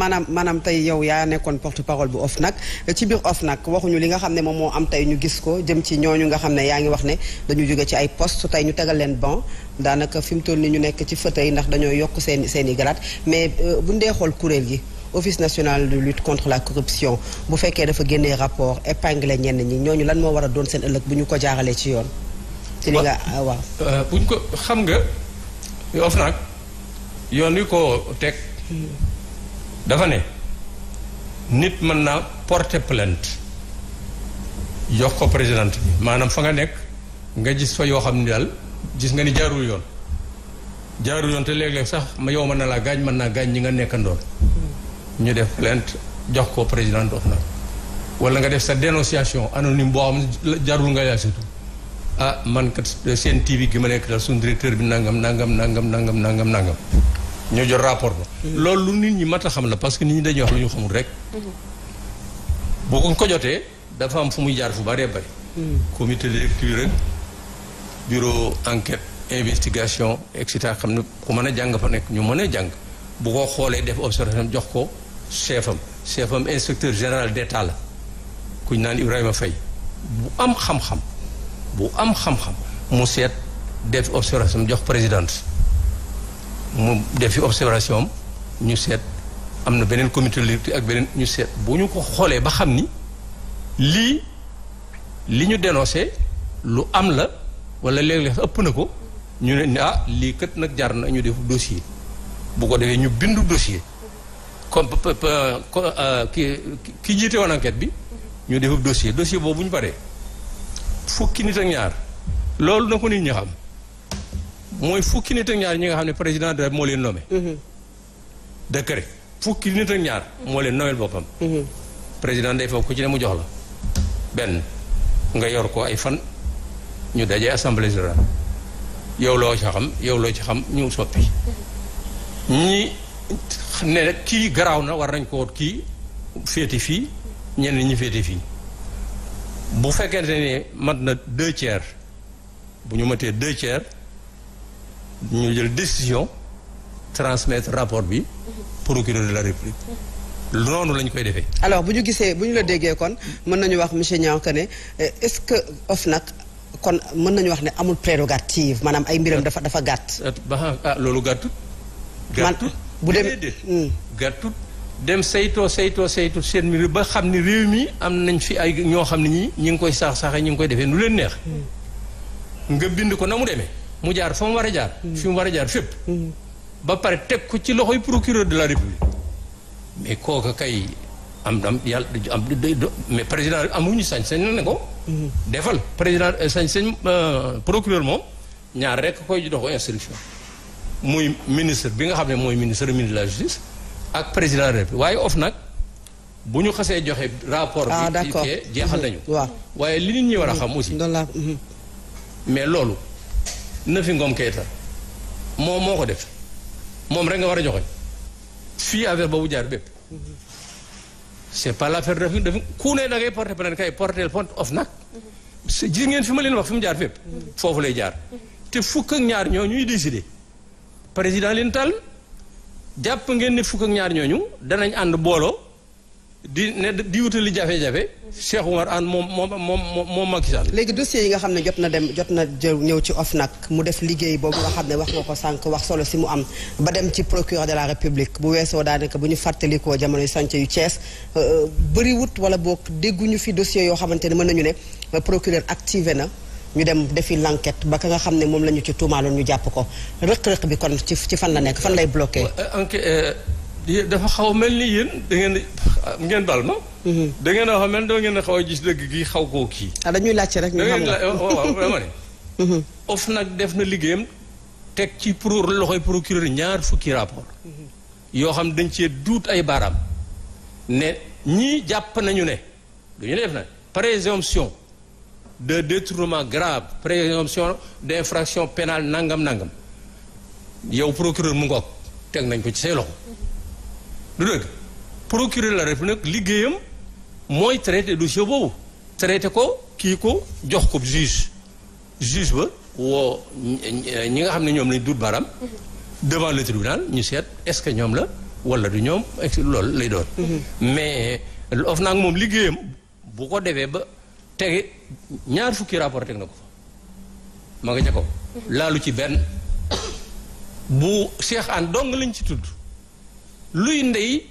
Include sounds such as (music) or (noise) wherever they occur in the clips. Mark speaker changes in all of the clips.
Speaker 1: maanaam maanaam tey yow yaa nekkoon porte parole bu OFNAC ci biir OFNAC waxuñu li nga xam ne moom moo am tey ñu gis ko jëm ci ñooñu nga xam ne yaa ngi wax ne dañu jóge ci ay poste tey ñu tegal leen bon daanaka fi toll nii ñu nekk ci fauteuil ndax dañoo yokk seen seen i grade mais euh, bu ndee xool kuréel gi office national de lutte contre la corruption bu fekkee dafa génnee rapport épinglé ñenn ñi ñooñu lan moo war doon seen ëllëg bu ñu ko jaaralee ci yoon. ci li ah, waaw.
Speaker 2: Euh, buñ ko xam nga. OFNAC yoon wi ko teg. dafa ne nit mën naa porter plainte jox ko présidente bi maanaam fa nga nekk nga gis fa yoo xam ni daal gis nga ni jaarul yoon jaarul yoon te léeg sax ma yow mën na laa gaañ mën naa gaañ ñi nga nekkandoon hmm. ñu def plainte jox ko président dox na wala nga def sa dénonciation anonyme boo xam ne jarul nga yaasitu ah man kat seen TV gi ma nekk daal suñu directeur bi nangam nangam nangam nangam nangam nangam ñoo jot rapport loolu lu nit ñi mat xam la parce que nit ñi dañuy wax lu ñu xamul rek. boo ko ko jotee dafa am fu muy jaar fu bëree bari comité de lecture rek bureau enquête investigation et cetera xam ne ku mën a jàng fa nekk ñu mën a jàng bu ko xoolee def observation jox ko chef am chef am inspecteur général d'état la kuñ naan Ibrahima Faye bu am xam-xam bu am xam-xam mu seet def observation jox présidente. mu defi observation am ñu seet am na beneen comité de ak beneen ñu seet bu ñu ko xoolee ba xam ni lii li ñu dénoncé lu am la wala léeg-léeg ëpp na ko ñu ne ah lii kat nag jaar na ñu def dossier bu ko defee ñu bindu dossier comme euh, ki ki jiite woon bi ñu def dossier dossier boobu ñu paree fukki nit ak ñaar loolu na ko nit ñi xam. mooy fukki nit ak ñaar ñi nga xam ne président de moo leen nommé. Mhm. décret fukki nit ak ñaar moo leen nommé boppam. Mhm. président day foog ku ci ne mu jox la benn nga yor ko ay fan ñu daje assemblée générale yow loo ci xam yow loo ci xam ñu soppi. ñi ne kii garaaw na war nañ ko kii féete fii ñenn ñi féete fii bu fekkente ne mat na deux tiers bu ñu matee deux tiers. ñu jël décision transmettre rapport bi procureur de la république loolu lañ koy defee.
Speaker 1: alors bu ñu gisee bu ñu la déggee kon mën nañu wax monsieur Niang que ne eh, est-ce que OFNAC kon mën nañu wax ne amul prérogative maanaam ay dafa dafa
Speaker 2: gàtt. ba ah, loolu gàttut. gàttut bu demee hmm. gàttut dem saytoo saytoo saytoo seen mbir ba xam ne réew mi am nañ fi ay ñoo xam ne ñi ñi ngi koy saax saaxee ñi ngi koy defee nu leen neex. Hmm. nga bind ko na mu demee. mu jaar fa mu war a jaar. Mm. fi mu war a jaar fépp. Mm. ba pare teg ko ci loxoy procureur de la bi mais kooka kay am dam yàlla am mais président amuñu sañ-sañ na ne ko. Mm. defal président euh, sañ-sañ euh, procureur moom ñaar rek koy dox ko muy ministre bi nga xam ne mooy ministre de la justice ak président de waaye of nag bu ñu xasee joxe rapport bi ah, jeexal mm-hmm. nañu waaye li nit ñi war a xam mm-hmm. aussi mm-hmm. mais loolu Nafi Ngom Keita moom moo ko def moom rek nga war a joxoñ fii affaire boobu jaar bépp c' est pas l' affaire Nafi Nafi ku ne da ngay porté plainte kay porté plainte OFNAC gis ngeen fi ma leen wax fi mu jaar fépp foofu lay jaar te fukk ak ñaar ñoo ñuy décider président leen tal jàpp ngeen ne fukk ak ñaar ñooñu danañ ànd booloo di ne di wutali jafe-jafe Cheikh Oumar Anne moom moom moom moom Macky Sall
Speaker 1: léegi dossiers yi nga xam ne jot na dem jot na jëw ñëw ci nag mu def liggéey boobu nga xam ne wax nga ko sànq wax solo si mu am ba dem ci procureur de la république bu weesoo daanaka bu ñu fàttalikoo jamono yu sànc yu Thiès euh, euh, bari wut wala boog dégguñu fi dossiers yoo xamante ne mën nañu ne euh, procureur activé na ñu dem defi l'enquête ba ka nga xam ne moom la ñu ci tuumaaloon ñu jàpp ko rëq bi kon ci ci fan la nekk fan lay bloqué
Speaker 2: dafa xaw mel ni yéen da ngeen ngeen bal ma. Mm-hmm. da ngeen a wax ngeen xaw a gis dëgg gi xaw koo kii.
Speaker 1: ah dañuy laajte rek ñu xam nga waaw dama ne.
Speaker 2: (laughs) Mm-hmm. of nag def na liggéeyam teg ci pour loxoy procureur ñaar fukki rapport mm-hmm. yoo xam dañ cee duut ay baaraam ne ñii jàpp nañu ne du ñu def na présomption de détournement grave présomption d' infraction pénale nangam nangam yow procureur mu ngoog teg nañ ko ci say loxo. du dëgg procureur la république nag liggéeyam mooy traité dossier boobu traité ko kii ko jox ko juge juge ba woo ñi nga xam ne ñoom lañ dut baram devant le tribunal ñu seet est-ce que ñoom la wala du ñoom lool lay doon mais of naag moom liggéeyam bu ko defee ba tege ñaar fukki rapport teg na ko fa ma nga ca laalu ci benn bu Cheikh Anne dong lañ ci tudd luy ndey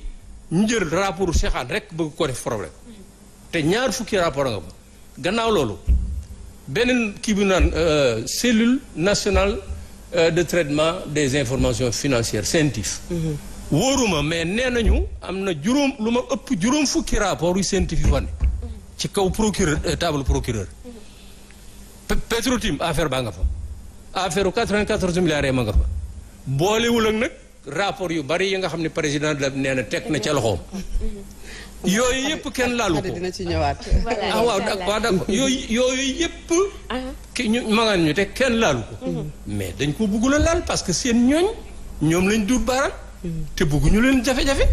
Speaker 2: ñu jël rapport rek bëgg ko def problème te ñaar fukki rapport nga fa gannaaw loolu beneen kii bi naan euh, cellule nationale euh, de traitement des informations financières CENTIF mhm. wóoruma mais nee nañu am na juróom lu ma ëpp juróom fukki rapport yu CENTIF yi ci kaw procureur euh, table procureur Petro-Tim affaire baa nga fa affaire u 94 milliards ma nga fa boolewul ak nag rapport yu bari yi nga xam ne président la nee na teg na ca loxoom. yooyu yëpp kenn laalu ko
Speaker 1: dina ci ñëwaat. ah waaw d'accord d'accord
Speaker 2: yooyu yooyu yëpp. Ah. ki ñu magaan ñu teg kenn laalu ko. Mhm. mais dañ ko bëggul a laal parce que seen ñooñ ñoom lañ duut baaraam. te ñu leen jafe-jafe.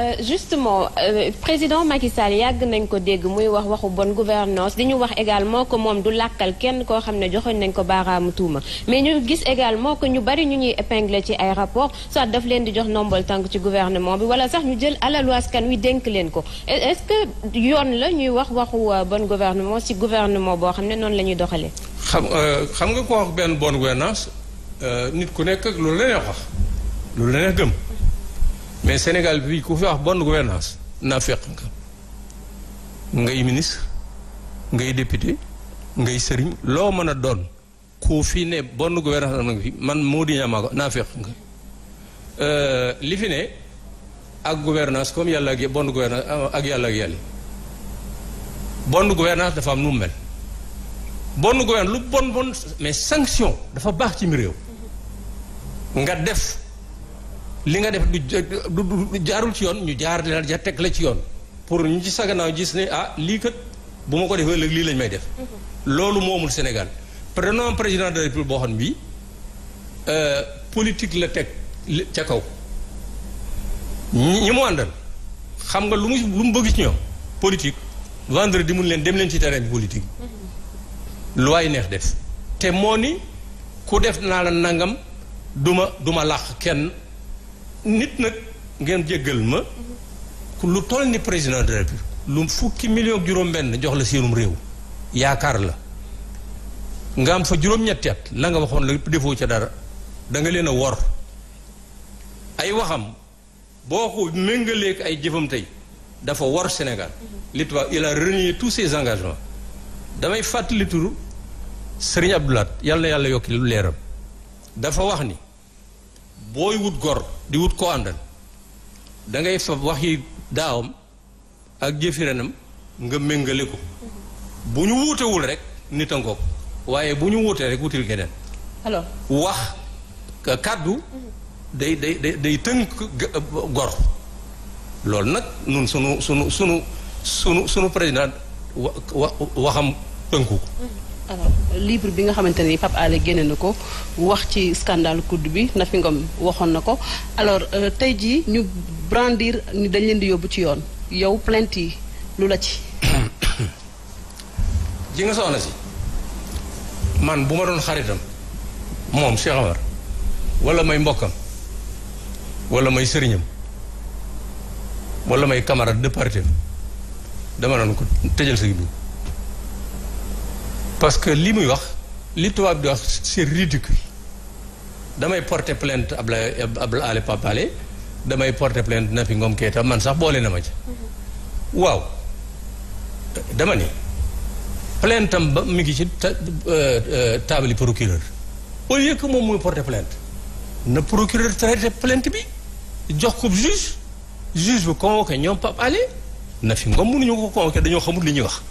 Speaker 2: Euh,
Speaker 1: justement euh, président Macky Sall yàgg nañ ko dégg muy wax waxu bon gouvernance di ñu wax également ko moom du làkkal kenn koo xam ne joxoñ nañ ko baaraamu tuuma mais ñu gis également que ñu bari ñu ñuy épingler ci ay rapport soit daf leen di jox ndombal tànk ci gouvernement bi wala sax ñu jël alalu askan wi dénk leen ko est-ce que yoon la ñuy wax waxu euh, bonne gouvernance ci gouvernement boo xam ne noonu la ñuy doxalee.
Speaker 2: xam euh, xam nga ko wax benn bonne gouvernance nit ku nekk loolu la mais Sénégal bi ku fi wax bonne gouvernance naa fekk nga ngay ministre ngay député ngay sëriñ loo mën a doon ku fi ne bonne gouvernance nag fi di naa fekk nga euh, li fi ne ak gouvernance comme yàlla ak bonne gouvernance euh, ak yàlla ak yàlla bonne gouvernance dafa am nu mu mel bonne gouvernance lu bon bon mais sanction dafa baax ci mi réew nga def li nga def du jaarul ci yoon ñu jaar la ja teg la ci yoon pour ñu ci saganaaw gis ne ah lii kat bu ma ko defee lii lañ may def mhm. loolu moomul Sénégal prénom président de la boo xam bi euh, politique la teg ca kaw ñi mu xam nga lu mu lu mu bëgg ci ñoom mun leen dem leen ci terrain bi politique mhm. lu ay neex def te moo ni ku def naa la nangam duma duma làq kenn nit nag ngeen jéggal ma lu toll ni président de la lu fukki million juróom-benn jox la seenum réew yaakaar la nga am fa juróom-ñetti la nga waxoon la defoo ca dara da nga leen a wor ay waxam boo ko méngaleek ay jëfam tey dafa wor Sénégal mhm. li tubaab il a renié tous ses engagements damay fàttali turu Serigne Abdoulaat yàlla yàlla yokki lu leeram dafa wax ni booy wut gor di wut ko àndal da ngay fab wax yi daawam ak jëfi renam nga méngale ko bu ñu wuutewul rek nit a ngoog waaye bu ñu wuutee rek wutil keneen alors wax kàddu day day day day tënk gor loolu nag nun sunu sunu sunu sunu sunu président wa waxam tënku ko
Speaker 1: alors euh, livre bi nga xamante ni Pape Alé génne na ko wax ci scandale COUD bi Nafi waxoon na ko alors euh, tey jii ñu brandir ni dañ leen di yóbbu ci yoon yow plainte yi lu la ci.
Speaker 2: (coughs) ji nga soxna si man bu ma doon xaritam moom Cheikh Amar wala may mbokkam wala may sëriñam wala may camarade de parti dama doon ko tëjal sa parce que li muy wax li tubaab di wax c'est ridicule damay porter plainte Ablaye Ablaye Pape Alé damay porter plainte Nafi Ngom tam man sax boole na ma ci. waaw dama ni plainte am ba mi ngi ci euh, euh, taabali procureur au lieu que moom muy porter plainte na procureur traité plainte bi jox ko juge juge bu convoqué ñoom Pape Alé Nafi Ngom mënuñu ko convoqué dañoo xamul li ñuy wax.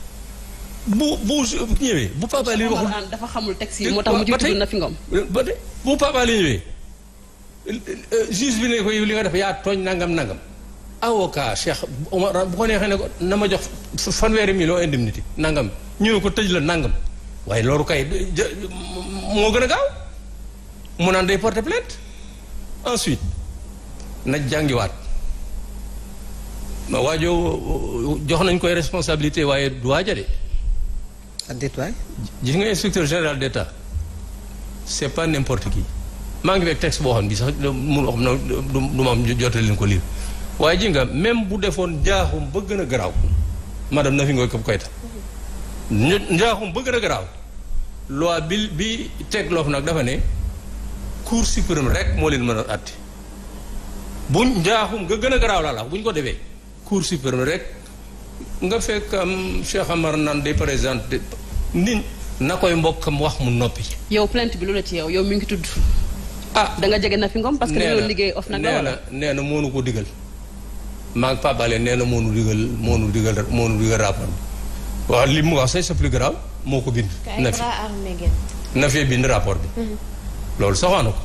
Speaker 2: bu bu ñëwee bu Pape Alé waxul
Speaker 1: dafa xamul texte yi eh, moo tax mu ci tudd na
Speaker 2: eh, ba tey bu Pape Alé ñëwee eh, juge bi ne ko yow li nga def yaa tooñ nangam nangam avocat Cheikh Omar bu ko neexee ne ko na ma jox fanweeri million indemnité nangam ñu ne ko tëj la nangam waaye loolu kay moo gën a gaaw mu naan day porter plainte ensuite na jàngiwaat ma waajoo jox nañ koy responsabilité waaye du waajale ak déet waay. gis nga inspecteur général d' état est pas n' importe qui maa ngi beeg texte boo xam bi sax mun wax na du ma am jotali leen ko lii waaye ji nga même bu defoon njaaxum ba gën a garaaw madame Nafi Ngoy Koita njaaxum ba gën a garaaw loi bi bi teg loof nag dafa ne cour suprême rek moo leen mën a àtte bu njaaxum nga gën a garaaw laa la buñ ko defee cour suprême rek. nga fekk am Cheikh Amar naan day présenté nit na koy mu wax mu noppi.
Speaker 1: yow plainte bi lu la ci yow yow mi ngi tudd. ah danga jege na fi ngom parce que dañoo liggéey of nag la
Speaker 2: nee na moo nu digal. maa ngi nee na moo nu digal moo nu digal moo nu digal li mu wax sa plus grave moo ko bind. na fi na fee bind rapport bi. Mhm. loolu soxaanu ko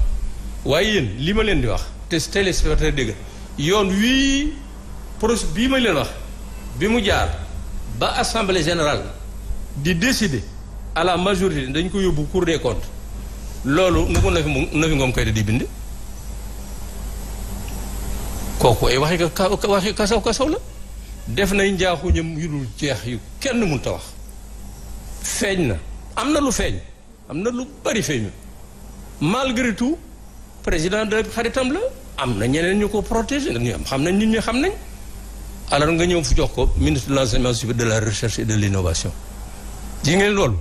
Speaker 2: waaye yéen lii ma leen di wax te téléspectateur dégg yoon wii projet bii ma leen wax. bi mu jaar ba assemblée générale di décider à la majorité dañ ko yóbbu cour des comptes loolu nu ko na ngoom koy di bind kooku ay waxi ka waxi la def nay njaaxuñam yu dul jeex yu kenn mënta wax feeñ na am na lu feeñ am na lu bari feeñu malgré tout président de xaritam la am na ñeneen ñu ko protéger ñu am xam nañ nit ñi xam nañ alors nga ñëw fu jox ko ministre de l' enseignement de la recherche et de l' innovation. ji ngeen loolu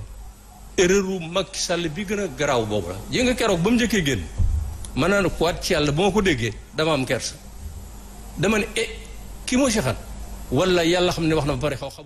Speaker 2: erreur u Macky Sall bi gën a garaaw boobu la ji nga keroog ba mu njëkkee génn ma naan ko waat ci yàlla ba ma ko déggee dama am kersa dama ne eh ki moo si xan wala yàlla xam ne wax na ba pare xaw xam